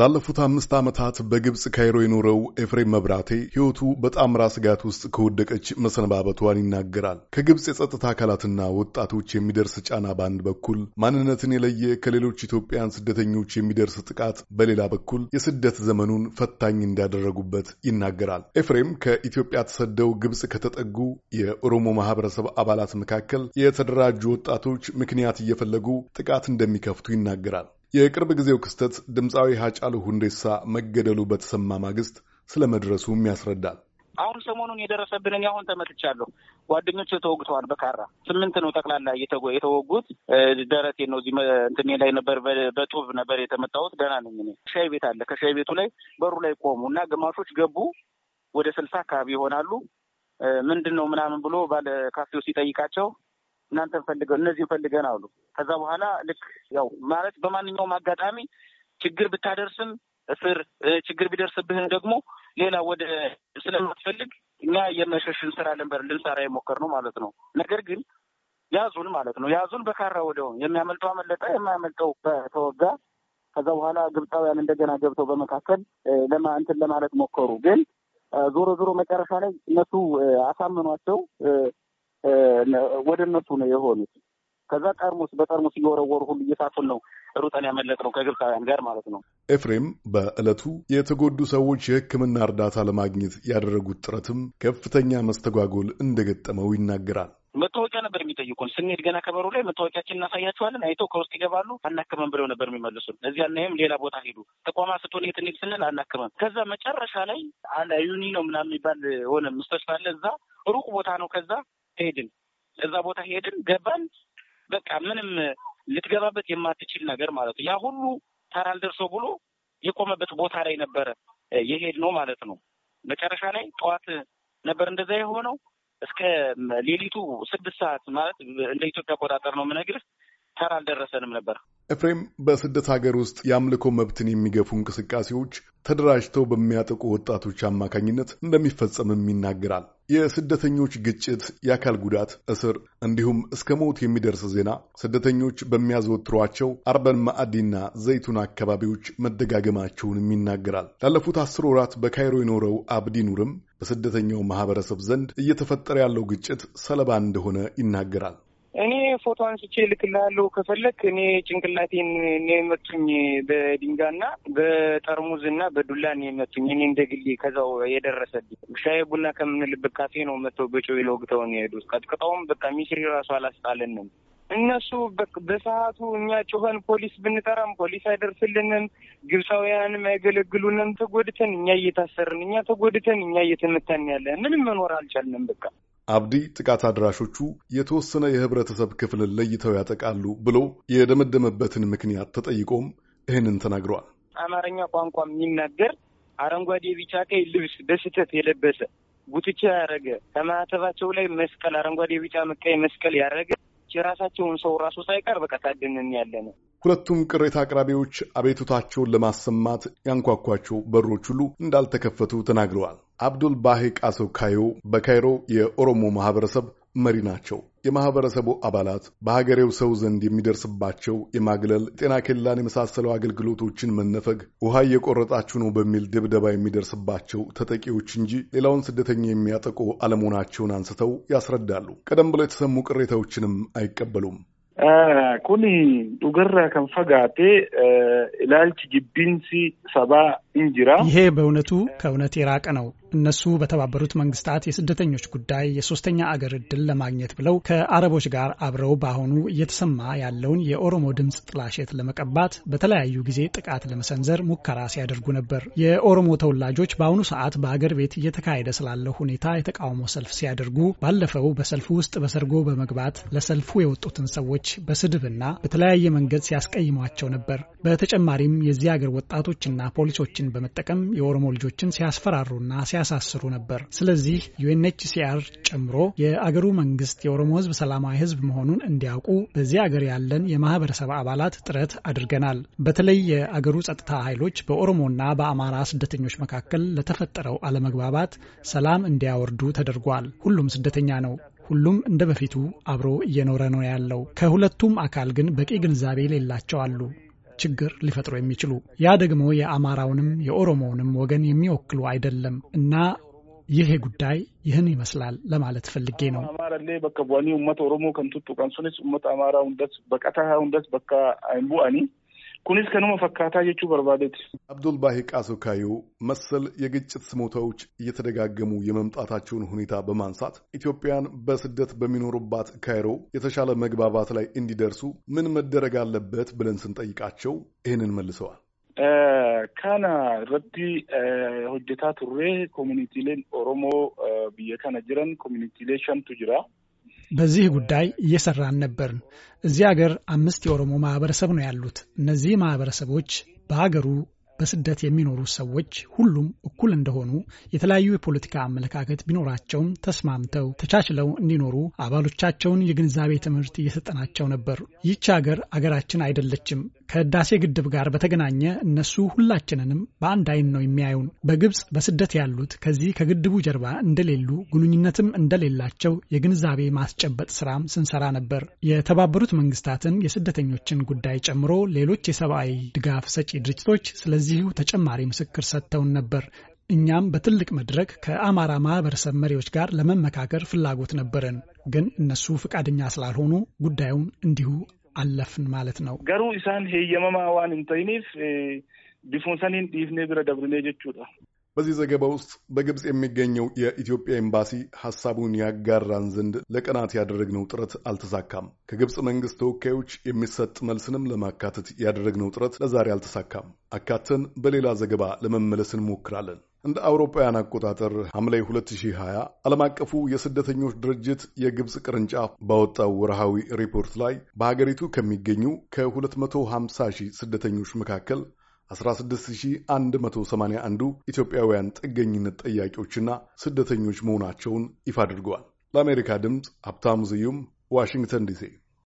ላለፉት አምስት ዓመታት በግብፅ ካይሮ የኖረው ኤፍሬም መብራቴ ሕይወቱ በጣምራ ስጋት ውስጥ ከወደቀች መሰነባበቷን ይናገራል። ከግብፅ የጸጥታ አካላትና ወጣቶች የሚደርስ ጫና በአንድ በኩል፣ ማንነትን የለየ ከሌሎች ኢትዮጵያን ስደተኞች የሚደርስ ጥቃት በሌላ በኩል የስደት ዘመኑን ፈታኝ እንዳደረጉበት ይናገራል። ኤፍሬም ከኢትዮጵያ ተሰደው ግብፅ ከተጠጉ የኦሮሞ ማህበረሰብ አባላት መካከል የተደራጁ ወጣቶች ምክንያት እየፈለጉ ጥቃት እንደሚከፍቱ ይናገራል። የቅርብ ጊዜው ክስተት ድምፃዊ ሀጫሉ ሁንዴሳ መገደሉ በተሰማ ማግስት ስለ መድረሱም ያስረዳል። አሁን ሰሞኑን የደረሰብን እኔ አሁን ተመትቻለሁ። ጓደኞች ተወግተዋል። በካራ ስምንት ነው ጠቅላላ የተወጉት። ደረቴ ነው እዚህ እንትኔ ላይ ነበር፣ በጡብ ነበር የተመታሁት። ደህና ነኝ እኔ። ሻይ ቤት አለ። ከሻይ ቤቱ ላይ በሩ ላይ ቆሙ እና ግማሾች ገቡ። ወደ ስልሳ አካባቢ ይሆናሉ። ምንድን ነው ምናምን ብሎ ባለ ካፌው ሲጠይቃቸው እናንተን ፈልገ እነዚህን ፈልገን አሉ። ከዛ በኋላ ልክ ያው ማለት በማንኛውም አጋጣሚ ችግር ብታደርስም እስር ችግር ቢደርስብህም ደግሞ ሌላ ወደ ስለማትፈልግ እኛ የመሸሽን ስራ ልንበር ልንሰራ የሞከር ነው ማለት ነው። ነገር ግን ያዙን ማለት ነው። ያዙን በካራ ወደው የሚያመልጠው አመለጠ፣ የማያመልጠው በተወጋ። ከዛ በኋላ ግብፃውያን እንደገና ገብተው በመካከል ለማንትን ለማለት ሞከሩ። ግን ዞሮ ዞሮ መጨረሻ ላይ እነሱ አሳምኗቸው ወደ እነሱ ነው የሆኑት። ከዛ ጠርሙስ በጠርሙስ እየወረወሩ ሁሉ እየሳቱን ነው ሩጠን ያመለጥ ነው ከግብፃውያን ጋር ማለት ነው። ኤፍሬም በዕለቱ የተጎዱ ሰዎች የሕክምና እርዳታ ለማግኘት ያደረጉት ጥረትም ከፍተኛ መስተጓጎል እንደገጠመው ይናገራል። መታወቂያ ነበር የሚጠይቁን። ስንሄድ ገና ከበሩ ላይ መታወቂያችን እናሳያቸዋለን። አይተው ከውስጥ ይገባሉ። አናክመን ብለው ነበር የሚመልሱን። እዚያ እናይም ሌላ ቦታ ሄዱ። ተቋማ ስትሆን የት እንሂድ ስንል አናክመን። ከዛ መጨረሻ ላይ አለ ዩኒ ነው ምናምን የሚባል ሆነ ምስቶች አለ እዛ ሩቅ ቦታ ነው። ከዛ ሄድን። እዛ ቦታ ሄድን፣ ገባን። በቃ ምንም ልትገባበት የማትችል ነገር ማለት ነው። ያ ሁሉ ተራ አልደርሰው ብሎ የቆመበት ቦታ ላይ ነበረ የሄድ ነው ማለት ነው። መጨረሻ ላይ ጠዋት ነበር እንደዛ የሆነው እስከ ሌሊቱ ስድስት ሰዓት ማለት እንደ ኢትዮጵያ አቆጣጠር ነው የምነግርህ። ተራ አልደረሰንም ነበር። ኤፍሬም በስደት ሀገር ውስጥ የአምልኮ መብትን የሚገፉ እንቅስቃሴዎች ተደራጅተው በሚያጠቁ ወጣቶች አማካኝነት እንደሚፈጸምም ይናገራል። የስደተኞች ግጭት፣ የአካል ጉዳት፣ እስር እንዲሁም እስከ ሞት የሚደርስ ዜና ስደተኞች በሚያዘወትሯቸው አርበን ማዕዲና ዘይቱን አካባቢዎች መደጋገማቸውንም ይናገራል። ላለፉት አስር ወራት በካይሮ የኖረው አብዲ ኑርም በስደተኛው ማህበረሰብ ዘንድ እየተፈጠረ ያለው ግጭት ሰለባ እንደሆነ ይናገራል። እኔ ፎቶ አንስቼ ልክልሃለሁ ከፈለክ። እኔ ጭንቅላቴን እኔ መቱኝ በድንጋይና በጠርሙዝ እና በዱላ እኔ መቱኝ። እኔ እንደ ግሌ ከዛው የደረሰብኝ ሻይ ቡና ከምንልበት ካፌ ነው መጥተው በጩቤ ነው የሄዱት። ቀጥቅጠውም በቃ ሚስሪ ራሱ አላስጣለንም። እነሱ በሰዓቱ እኛ ጩኸን ፖሊስ ብንጠራም ፖሊስ አይደርስልንም። ግብፃውያንም አይገለግሉንም። ተጎድተን እኛ እየታሰርን እኛ ተጎድተን እኛ እየተመታን ያለ ምንም መኖር አልቻልንም። በቃ አብዲ ጥቃት አድራሾቹ የተወሰነ የህብረተሰብ ክፍልን ለይተው ያጠቃሉ ብሎ የደመደመበትን ምክንያት ተጠይቆም ይህንን ተናግረዋል። አማርኛ ቋንቋ የሚናገር አረንጓዴ፣ ቢጫ፣ ቀይ ልብስ በስህተት የለበሰ ጉትቻ ያደረገ ከማዕተባቸው ላይ መስቀል አረንጓዴ፣ ቢጫ፣ ቀይ መስቀል ያደረገ የራሳቸውን ሰው ራሱ ሳይቀር በቃ ታድንን ያለ ነው። ሁለቱም ቅሬታ አቅራቢዎች አቤቱታቸውን ለማሰማት ያንኳኳቸው በሮች ሁሉ እንዳልተከፈቱ ተናግረዋል። አብዱል ባሂ ቃሶ ካዮ በካይሮ የኦሮሞ ማህበረሰብ መሪ ናቸው። የማህበረሰቡ አባላት በሀገሬው ሰው ዘንድ የሚደርስባቸው የማግለል፣ ጤና ኬላን የመሳሰሉ አገልግሎቶችን መነፈግ፣ ውሃ እየቆረጣችሁ ነው በሚል ድብደባ የሚደርስባቸው ተጠቂዎች እንጂ ሌላውን ስደተኛ የሚያጠቁ አለመሆናቸውን አንስተው ያስረዳሉ። ቀደም ብሎ የተሰሙ ቅሬታዎችንም አይቀበሉም። ኩኒ ዱገራ ከንፈጋቴ ኢላልች ጅቢንሲ ሰባ እንጅራ ይሄ በእውነቱ ከእውነት የራቀ ነው። እነሱ በተባበሩት መንግስታት የስደተኞች ጉዳይ የሶስተኛ አገር እድል ለማግኘት ብለው ከአረቦች ጋር አብረው በአሁኑ እየተሰማ ያለውን የኦሮሞ ድምፅ ጥላሸት ለመቀባት በተለያዩ ጊዜ ጥቃት ለመሰንዘር ሙከራ ሲያደርጉ ነበር። የኦሮሞ ተወላጆች በአሁኑ ሰዓት በአገር ቤት እየተካሄደ ስላለው ሁኔታ የተቃውሞ ሰልፍ ሲያደርጉ ባለፈው በሰልፉ ውስጥ በሰርጎ በመግባት ለሰልፉ የወጡትን ሰዎች በስድብና በተለያየ መንገድ ሲያስቀይሟቸው ነበር። በተጨማሪም የዚህ አገር ወጣቶችና ፖሊሶችን በመጠቀም የኦሮሞ ልጆችን ሲያስፈራሩና ሲያ ያሳስሩ ነበር። ስለዚህ ዩኤንኤችሲአር ጨምሮ የአገሩ መንግስት የኦሮሞ ህዝብ ሰላማዊ ህዝብ መሆኑን እንዲያውቁ በዚህ አገር ያለን የማህበረሰብ አባላት ጥረት አድርገናል። በተለይ የአገሩ ጸጥታ ኃይሎች በኦሮሞና በአማራ ስደተኞች መካከል ለተፈጠረው አለመግባባት ሰላም እንዲያወርዱ ተደርጓል። ሁሉም ስደተኛ ነው። ሁሉም እንደ በፊቱ አብሮ እየኖረ ነው ያለው። ከሁለቱም አካል ግን በቂ ግንዛቤ ሌላቸው አሉ። ችግር ሊፈጥሩ የሚችሉ ያ ደግሞ የአማራውንም የኦሮሞውንም ወገን የሚወክሉ አይደለም እና ይሄ ጉዳይ ይህን ይመስላል ለማለት ፈልጌ ነው። አማራሌ በቃ ቡአኒ ኡመት ኦሮሞ ከንቱጡ ቀንሱኔስ ኡመት አማራ ሁንደስ በቀታ ሁንደስ በቃ አይንቡአኒ kunis kanuma fakkaataa jechuu barbaadeeti. አብዱልባሂ ቃሶ ካዮ መሰል የግጭት ስሞታዎች እየተደጋገሙ የመምጣታቸውን ሁኔታ በማንሳት ኢትዮጵያን በስደት በሚኖሩባት ካይሮ የተሻለ መግባባት ላይ እንዲደርሱ ምን መደረግ አለበት ብለን ስንጠይቃቸው ይህንን መልሰዋል። ካና ረቲ ሆጀታ ቱሬ ኮሚኒቲሌን ኦሮሞ ብየ ከነ ጅረን ኮሚኒቲሌ ሸንቱ ጅራ በዚህ ጉዳይ እየሰራን ነበርን። እዚህ አገር አምስት የኦሮሞ ማህበረሰብ ነው ያሉት። እነዚህ ማህበረሰቦች በሀገሩ በስደት የሚኖሩ ሰዎች ሁሉም እኩል እንደሆኑ የተለያዩ የፖለቲካ አመለካከት ቢኖራቸውም ተስማምተው ተቻችለው እንዲኖሩ አባሎቻቸውን የግንዛቤ ትምህርት እየሰጠናቸው ነበር። ይቺ ሀገር አገራችን አይደለችም። ከህዳሴ ግድብ ጋር በተገናኘ እነሱ ሁላችንንም በአንድ አይን ነው የሚያዩን። በግብፅ በስደት ያሉት ከዚህ ከግድቡ ጀርባ እንደሌሉ ግንኙነትም እንደሌላቸው የግንዛቤ ማስጨበጥ ስራም ስንሰራ ነበር። የተባበሩት መንግስታትን የስደተኞችን ጉዳይ ጨምሮ ሌሎች የሰብአዊ ድጋፍ ሰጪ ድርጅቶች ስለዚህ እንደዚሁ ተጨማሪ ምስክር ሰጥተውን ነበር። እኛም በትልቅ መድረክ ከአማራ ማህበረሰብ መሪዎች ጋር ለመመካከር ፍላጎት ነበረን፣ ግን እነሱ ፈቃደኛ ስላልሆኑ ጉዳዩን እንዲሁ አለፍን ማለት ነው። ገሩ ኢሳን ሄየመማ ዋን እንተይኒፍ ዲፎንሰኒን ዲፍኔ ብረ ደብርኔ ጀቹ በዚህ ዘገባ ውስጥ በግብፅ የሚገኘው የኢትዮጵያ ኤምባሲ ሐሳቡን ያጋራን ዘንድ ለቀናት ያደረግነው ጥረት አልተሳካም። ከግብፅ መንግሥት ተወካዮች የሚሰጥ መልስንም ለማካተት ያደረግነው ጥረት ለዛሬ አልተሳካም። አካተን በሌላ ዘገባ ለመመለስ እንሞክራለን። እንደ አውሮፓውያን አቆጣጠር ሐምሌ 2020 ዓለም አቀፉ የስደተኞች ድርጅት የግብፅ ቅርንጫፍ ባወጣው ወርሃዊ ሪፖርት ላይ በሀገሪቱ ከሚገኙ ከ250 ሺህ ስደተኞች መካከል 16181ዱ ኢትዮጵያውያን ጥገኝነት ጠያቂዎችና ስደተኞች መሆናቸውን ይፋ አድርገዋል። ለአሜሪካ ድምፅ ሀብታሙ ስዩም ዋሽንግተን ዲሲ